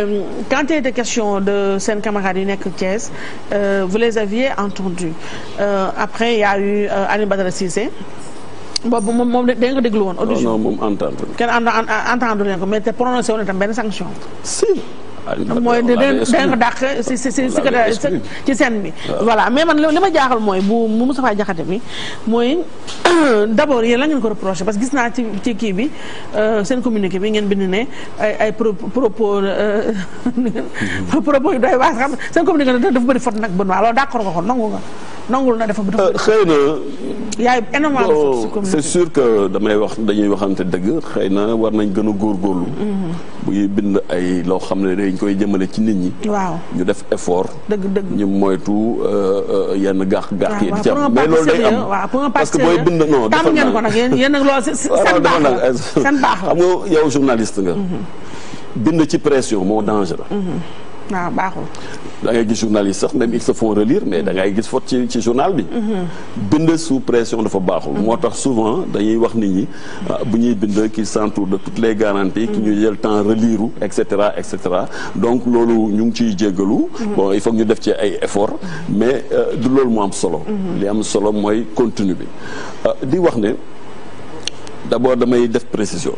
Euh, quand il était question de seen camarades yu nekk Thiès euh, vous les aviez entendus euh, après il y a eu Alioune Badara Cissé boobu moom moom da nga déglu woon. audition non non moom entendre. kenn entendre leen ko mais te prononcé woon itam benn sanction. si. mooy dinañ ko dàq si si si ci scène bi voilà mais man li ma jaaxal mooy bu bu Moustapha Diakhaté bi mooy d'abord yéen la ngeen ko reproché parce que gis naa ci ci kii bi euh, seen communiqué bi ngeen bind ne ay pro propos euh, mm-hmm. propos yu doy waar xam seen communiqué dafa bëri faute nag Benoît loolu d'accord nga ko nangu nga nangul na dafa bëri euh, xëy na y a énormément de sources de communication. c'est damay wax dañuy waxante dëgg xëy na war nañ gën a góorgóorlu. Mm-hmm. bu ñuy bind ay loo xam ne dañ koy jëmale ci nit ñi. waaw ñu def effort. dëgg dëgg ñu moytu euh, euh, yenn gàq gàq yi di ci am mais loolu day am parce que booy bind non. defal naa ko nag yéen nag loolu seen baax la seen baax la nga yow journaliste nga. Mm-hmm. bind ci pression moo dangereux. Mm-hmm. waaw ah, baaxul. da ngay gis journaliste sax même ils se font relire mais da ngay gis faute ci ci journal bi. bind sous pression dafa baaxul. Mhm. moo tax souvent dañuy wax nit ñi ah, bu ñuy bind qui s'entoure de toutes les garanties. ki mhm. ñu jël temps relire et cetera et cetera donc loolu ñu ngi ciy jéggalu. Mhm. bon il faut ñu def ci ay effort mais euh, du loolu moo am solo. li am solo mooy continue bi euh, di wax ne d'abord damay def précision.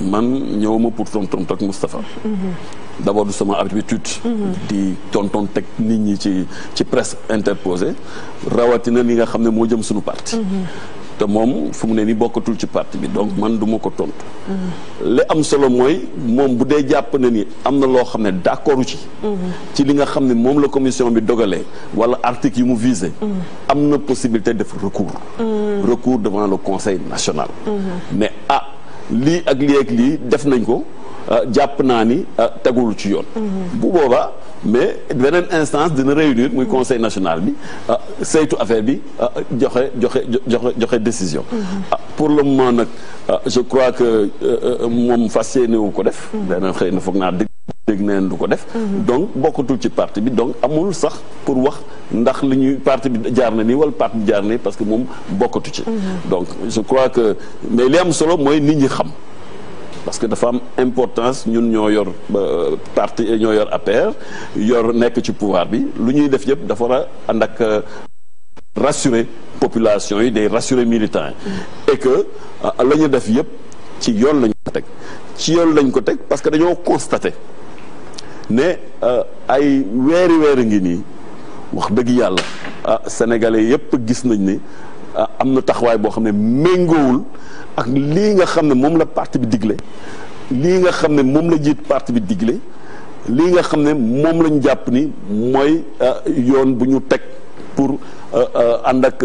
man ñëwuma pour tonton ak Moustapha. Mm-hmm. d' abord du sama habitude. Mm-hmm. di tonton teg nit ñi ci ci presse interposée rawatina li nga xam ne moo jëm suñu parti. Mm-hmm. te moom fu mu ne nii bokkatul ci parti bi donc man du ma ko tontu. li am solo mooy moom bu dee jàpp na ni am na loo xam ne d' accord ci. ci li nga xam ne moom la commission bi dogalee wala article yi mu visé. am na possibilité def recours. recours devant le conseil national. mais ah lii ak lii ak lii def nañ ko euh, jàpp naa ni euh, tegul ci yoon. Mhm. bu boobaa mais beneen instance dina réunir muy conseil national bi euh, seytu affaire bi joxe joxe joxe joxe décision. Mhm. Ah, pour le moment nag je crois que moom fas yéene wu ko def. dana mhm. xëy na foog naa dégg na du ko def. Mhm. donc bokkatul ci parti bi donc amul sax pour wax ndax li ñuy parti bi jaar na nii wala parti bi jaar na nii parce que moom bokkatu ci. Mhm. donc je crois que mais li am solo mooy nit ñi xam. parce que dafa am importance ñun ñoo yor parti ñoo yor APR yor nekk ci pouvoir bi lu ñuy def yëpp dafa war a ànd ak euh, rassurer population yi day rassurer militants yi. Mhm. et que euh, la ñu def yëpp ci yoon lañ ko teg ci yoon lañ ko teg parce que dañoo constater. ne euh, ay weeri weeri ngi nii wax dëgg yàlla ah sénégalais yépp gis nañ ne ah, am na taxawaay boo xam ne méngoowul ak lii nga xam ne moom la parti bi digle lii nga xam ne moom la jiit parti bi digle lii nga xam ne moom lañ jàpp ni mooy euh, yoon bu ñu teg pour euh, ànd ak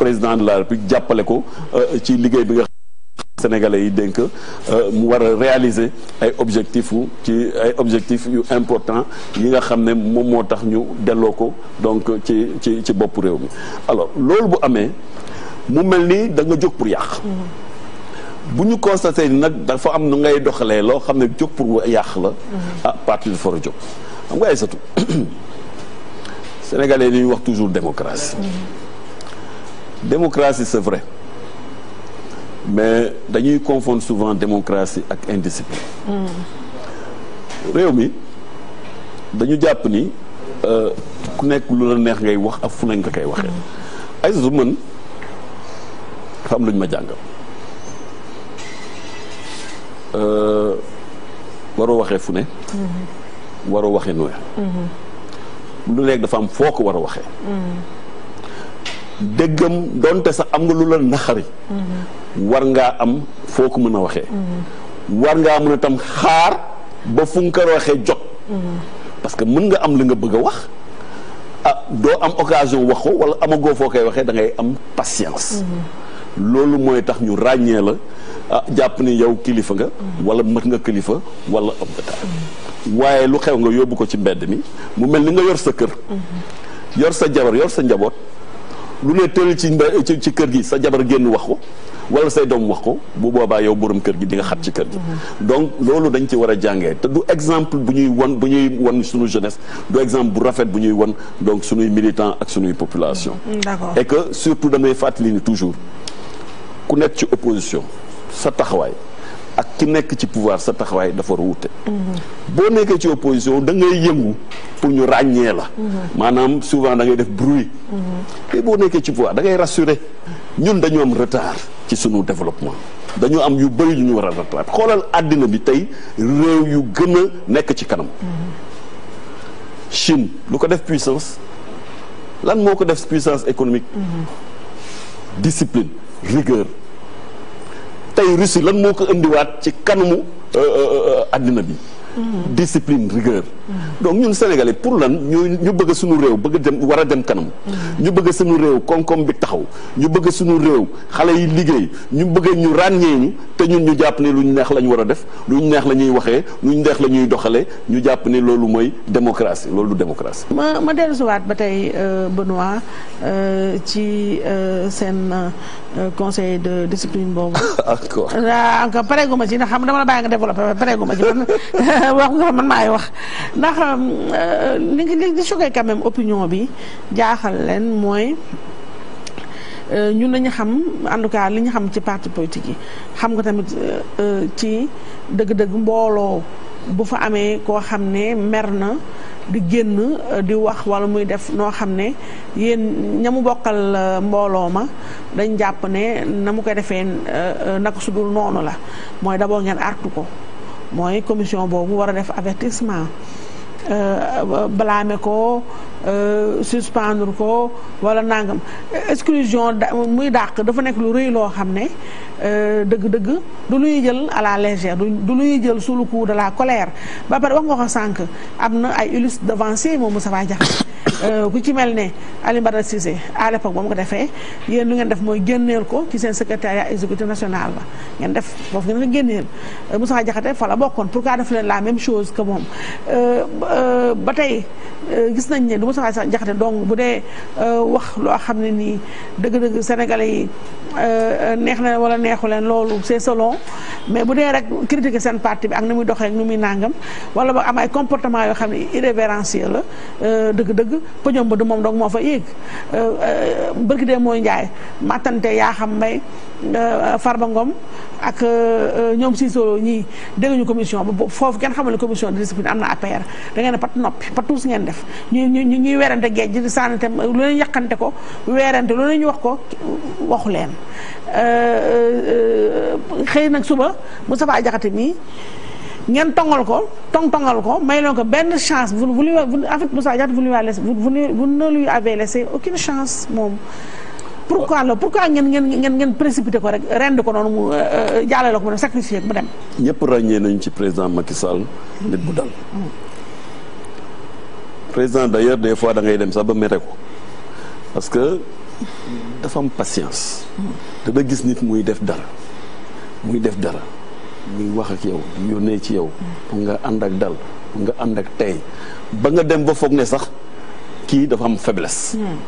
président de la république jàppale ko ci liggéey bi nga sénégalais yi dénk euh, mu war a réaliser ay objectifs yu ci ay objectifs yu important yi nga xam ne moom moo tax ñu delloo ko donc ci ci ci bopp réew mi alors loolu bu amee mu mel ni da nga jóg pour yàq. bu ñu constaté ni nag dafa am nu ngay doxalee loo xam ne jóg pour yàq la. Mm-hmm. ah parti for war a jóg xam nga ay satu sénégalais li wax toujours démocratie. Mm-hmm. démocratie c'est vrai. mais dañuy confondre souvent démocratie ak indiscipline. réew mi dañu jàpp ni euh, ku nekk lu la neex ngay wax ak fu nañ nga koy waxee. ay su mën xam luñ ma jàngal. Euh, waroo waxee fu ne. Mm-hmm. waroo waxee nooy. Mm-hmm. lu nekk dafa am foo ko war a waxee. Mm-hmm. déggam donte sax am nga lu la naxari mm-hmm. war ngaa am foo ko mën a waxee mm-hmm. war ngaa mën a tam xaar ba fu nga waxee jot mm-hmm. parce que mën nga am li nga bëgg a wax ah doo am occasion wax ko wala amagoo foo koy waxee da ngay am patience loolu mooy tax ñu ràññee la ah jàpp ni yow kilifa nga wala mat nga kilifa wala am waaye lu xew nga yóbbu ko ci mbedd mi mu mel ni nga yor sa kër yor sa jabar yor sa njaboot lu ne tël ci ci kër gi sa jabar génn wax ko wala say doom wax ko bu boobaa yow boroom kër gi di nga xat ci kër gi mm-hmm. donc loolu dañ ci war a jàngee te du exemple bu ñuy won bu ñuy won suñu jeunesse du exemple bu rafet bu ñuy won donc suñuy militant ak suñuy population mm-hmm. d'accord que surtout damay fàttali ni toujours ku nekk ci opposition sa taxawaay ak ki nekk ci pouvoir sa taxawaay dafa war a wuute boo nekkee ci opposition da ngay yëngu pour ñu ràññee la maanaam souvent da def bruit mais boo nekkee ci pouvoir dangay rassure ñun dañu am retard ci suñu développement dañu am yu bëri yu ñu war a xoolal àddina bi tey réew yu gën nekk ci kanam Chine lu ko def puissance lan moo ko def puissance économique mhm. discipline rigueur tey Russie lan moo ko indiwaat ci kanamu àddina euh, euh, euh, bi. discipline rigueur. donc ñun sénégalais pour lan ñu ñu bëgg suñu réew bëgg dem war a dem kanam. ñu bëgg suñu réew koom-koom bi taxaw ñu bëgg suñu réew xale yi liggéey ñu bëgg ñu ràññee ñu te ñun ñu jàpp ne lu ñu neex la ñu war a def lu neex la ñuy waxee lu ñu neex la ñuy doxalee ñu jàpp ne loolu mooy démocratie loolu du démocratie. ma ma dellusiwaat ba tey Benoît ci seen. Euh, conseil de discipline boobu. encore ah, encore pareegu ma ci ndax xam dama la bàyyi nga développé pareegu ma ci man wax nga man maay wax ndax euh, li li li choqué quand même opinion bi jaaxal leen mooy. Euh, ñun dañu xam en tout cas li ñu xam ci parti politique yi xam nga tamit ci dëgg-dëgg mbooloo bu fa amee koo xam ne mer na di génn euh, di wax wala muy def noo xam ne yéen ña mu bokkal euh, mbooloo ma dañ jàpp ne na mu koy defee euh, naka su dul noonu la mooy d'abord ngeen artu ko mooy commission boobu war a def avertissement blaame ko Euh, suspendre ko wala nangam exclusion da muy dàq dafa nekk lu rëy loo xam ne euh, dëgg-dëgg du luy jël à la légère du luy jël sous le coup de la colère ba pare wax nga ko sànq am na ay illustres devanciers moom Moustapha Diakhaté euh, ku ci mel ne Alioune Badara Cissé à l'époque ba mu ko defee yéen lu ngeen def mooy génneel ko ci seen secrétariat exécutif national ba ngeen def foofu ngeen la génneel Moustapha Diakhaté fa la bokkoon pourquoi def leen la même chose que moom ba tey Euh, gis nañ ne du Moustapha sax Jaxate dong bu dee euh, wax loo xam ne nii dëgg-dëgg sénégalais yi euh, neex na wala neexu leen loolu c'est selon mais bu dee rek critiquer seen parti bi ak na muy doxee nu muy nàngam wala ba am ay comportement yoo xam ne irrévérencieux la dëgg-dëgg pëjom ba du moom donc moo fa yéeg bërki dee mooy njaay mattante yaa xam may Euh, far ba Ngom ak euh, euh, ñoom Cissolo ñii dégguñu commission ba foofu kenn xamul ne commission de discipline am na APR da ngeen a pat noppi pat tuus ngeen def ñu ñu ñuy weerante géej di sànnante lu leen yàqante ko weerante lu leen ñu wax ko waxu leen xëy nag suba Moustapha Diakhaté mii ngeen tongal ko tong tongal ko may leen ko benn chance vous vous en fait Moustapha Diakhaté vous lui avez ne lui avez laissé chance moom pourquoi la pourquoi ngeen ngeen ngeen ngeen précipité ko rek rend ko noonu mu euh, euh, jàllale ko mu dem sacrifié mu dem. ñëpp ràññee nañ ci président Macky Sall. nit bu dal. président d'ailleurs des fois da ngay dem sax ba mete ko parce que dafa am patience. te gis nit muy def dara muy def dara muy wax ak yow di yónnee ci yow. pour nga ànd ak dal pour nga ànd ak tey ba nga dem ba foog ne sax kii dafa am faiblesse. Hmm.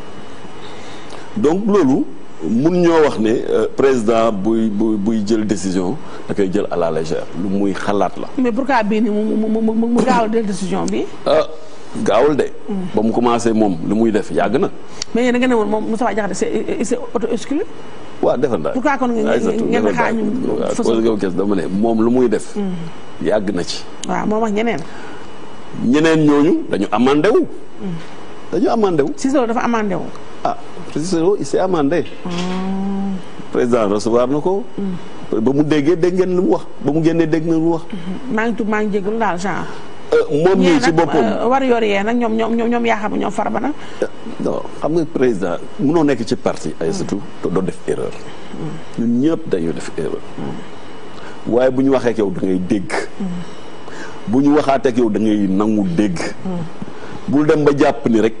donc loolu mun ñoo wax ne euh, président buy buy buy jël décision da koy jël à la lu muy xalaat la. mais pourquoi bii nii mu mu mu décision bi. Euh, gaawul de. ba mu commencé moom lu muy def yàgg na. mais yéen a ngi ne woon moom Moustapha Diakhaté c'est auto exclu. waaw defal daal pourquoi kon ngeen xaar ñu. waaw dama moom lu muy def. Mm. yàgg na ci. waaw moo wax ñeneen. ñeneen ñooñu dañu amandé mm. dañu amandé si Cissé dafa amandé ah président Soro il s'est recevoir na ko. ba mu déggee dégg ngeen lu mu wax ba mu génnee dégg na lu mu wax. maa ngi tudd maa ngi daal genre. Euh, moom mii ci boppam euh, war yor yee nag ñoom ñoom ñoom yaa xam ñoom far ba nag. xam nga président munoo nekk ci parti. ay surtout te doo def erreur. ñun ñëpp dañoo def erreur. waaye bu ñu waxee ko yow da ngay dégg. bu ñu waxaatee ak yow da ngay nangu dégg. bul dem ba jàpp ni rek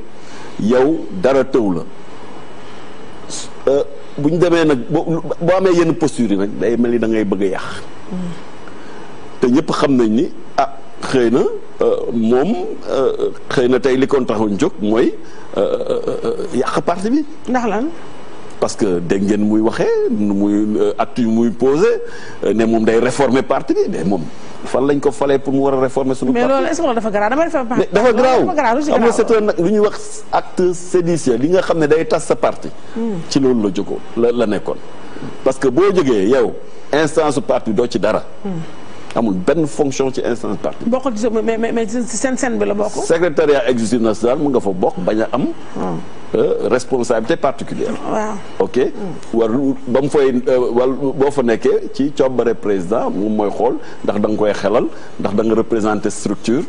yow dara tëw la. Euh, bu ñu demee nag boo boo amee yenn posture yi nag day mel ni da ngay bëgg a mm. te ñëpp xam nañ ni ah xëy na euh, moom euh, xëy na tey li kon taxuñ jóg mooy yàq parti bi. ndax lan. parce que dégg ngeen muy waxee nu muy euh, acte yu muy posé euh, ne moom day réformer parti bi mais moom fan lañ ko falee pour mu war a réformer suñu parti mais loolu est-ce que dafa grave dafa grave xam nga c'est un lu ñuy wax acte séditieux li nga xam ne day tas sa parti hmm. ci loolu la jógoo la la nekkoon parce que boo jógee yow instance su parti doo ci dara hmm. amul benn fonction ci instance parti bokkul ci mais mais mais seen seen bi la bokk secrétariat exécutif national mu nga fa bokk bañ a am hmm. Euh, responsabilité particulière waaw ok war ba mu fay euh, wal boo fa nekkee ci coobare président moom mooy xool ndax da nga koy xelal ndax danga nga représenter structure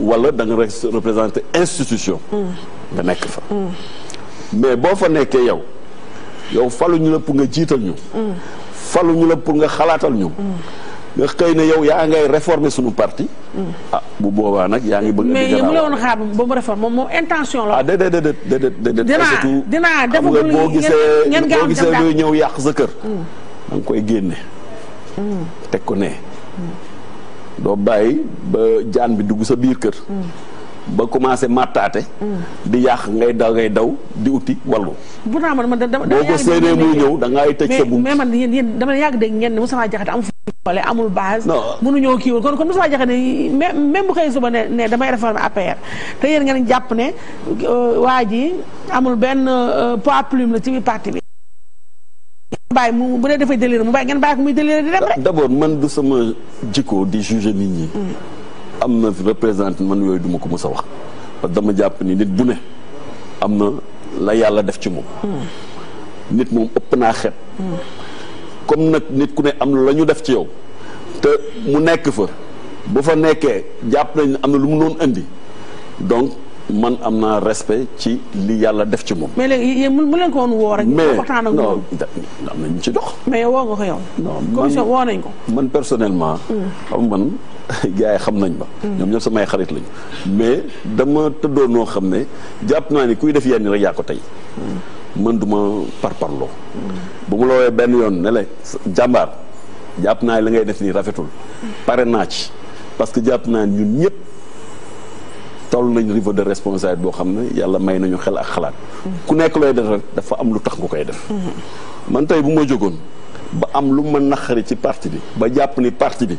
wala da nga représenter institution nga nekk fa mais boo fa nekkee yow yow faluñu la pour nga jiital ñu mm. faluñu la pour nga xalaatal ñu nga xëy na yow yaa ngay réformer suñu parti. ah bu boobaa nag yaa ngi bëgg. mais yéen mu la woon xaar ba la. ah déedéet déedéet déedéet déedéet. surtout dinaa dinaa defagul boo gisee ñëw yàq sa kër. Mm. da koy génne. Mm. teg ko ne. Mm. doo bàyyi ba jaan bi dugg sa biir kër. ba commencé mattaate. di yàq ngay daw ngay daw di uti wàllu. bu naa man man da da boo ko séenee muy ñëw da ngay tëj sa bunt. mais man dama yàgg dégg ngeen ne Moustapha Diakhaté am. doole amul base kii kiiwul kon kon Moussa Diakhaté même bu xëy suba ne ne damay réformer APR te yéen ngeen jàpp ne euh, waa ji amul benn euh, poids plume la ci biir parti bi bàyyi mu bu dee dafay délire mu bàyyi ngeen bàyyi ko muy délire di dem man du sama jikko di juger nit ñi mm. am na représenté man yooyu duma ko mës a wax parce que dama jàpp ni nit bu ne am na la yàlla def ci moom mm. nit moom ëpp naa xet mm. comme nag nit ku ne am na la ñu def ci yow te mu nekk fa bu fa nekkee jàpp nañ am na lu mu doon indi donc man am naa respect ci li yàlla def ci moom. mais léegi yéen mu leen ko woon woo rek. mais non am na ci dox. mais woo nga woo nañ ko. man personnellement. Mm. xam man gars yi xam nañ ma. Mm. ñoom ñoom samay xarit lañu. mais dama tëddoo noo xam ne jàpp naa ni kuy def yenn rek yaa ko tey. Mm. man du ma parparloo bu mu la woowee benn yoon ne jàmbaar jàpp naa la ngay def nii rafetul pare naa ci parce que jàpp naa ñun ñëpp toll nañu niveau de responsabilité boo xam ne yàlla may nañu xel ak xalaat ku nekk looy def rek dafa am lu tax nga koy def man tey bu ma jogoon ba am lu ma naqari ci parti bi ba jàpp ni parti bi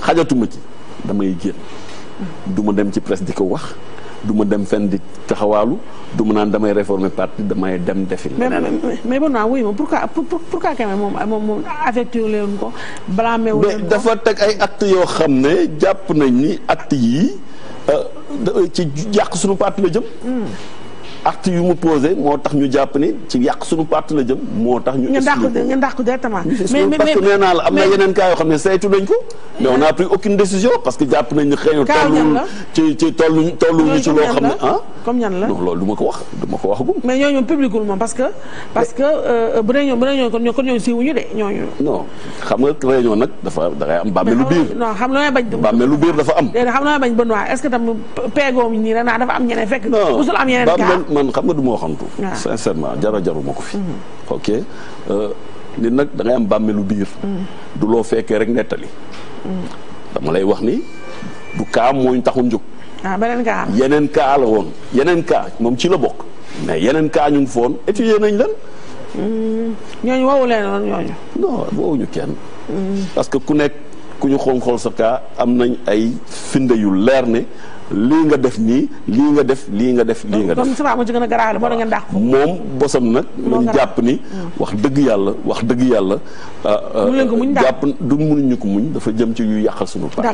xajatuma ci damay génn du dem ci presse di ko wax du ma dem fenn di taxawaalu du ma naan damay réformer parti damay dem defi. mais mais bon naa ah wuy ma pourquoi pourquoi quand même moom moom moom affecté leen ko balaa wu leen dafa teg ay att yoo xam ne jàpp nañ ni att yi euh, ci yàq suñu parti la jëm. Hmm. acte yu mu posé moo tax ñu jàpp ni ci yàq suñu parti la jëm moo tax ñu exclu ñu ndax ko directement mais que jàpp na xam ne ah comme ñan la non ma wax du wax mais ñooñu ñoom publicul moom parce que parce que euh, bu dee ñoom xam nga réunion nag dafa da ngay am bàmmeelu biir biir dafa xam la may bañ bën waa est-ce que tam peegoom nii rek naa dafa am ñeneen fekk musul am yeneen cas man xam nga du ma waxantu sincèrement jara jaru ma ko fi mhm. ok euh, nit nag da ngay am bàmmeelu biir mhm. du loo fekkee rek nettali mhm. dama lay wax ni du kaa mooñ taxul jóg ah beneen kaa yeneen kaa la woon yeneen kaa moom ci la bokk mais yeneen kaa ñu ngi foon étudier nañ leen ñooñu woowu leen woon ñooñu non woowuñu kenn parce ku nekk ku ñu xon xool sa kaa am nañ ay finde yu leer ne lii nga def nii lii nga def lii nga def lii nga def moom bosam nag lañ jàpp ni hmm. wax dëgg yàlla wax dëgg yàlla euh, euh, jàpp du mënuñu ko muñ dafa jëm ci yu yàqal sunu paa